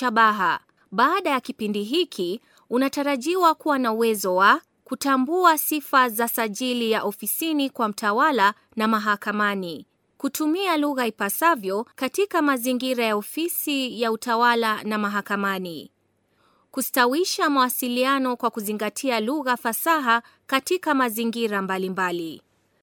shabaha. Baada ya kipindi hiki, unatarajiwa kuwa na uwezo wa kutambua sifa za sajili ya ofisini kwa mtawala na mahakamani, kutumia lugha ipasavyo katika mazingira ya ofisi ya utawala na mahakamani, kustawisha mawasiliano kwa kuzingatia lugha fasaha katika mazingira mbalimbali.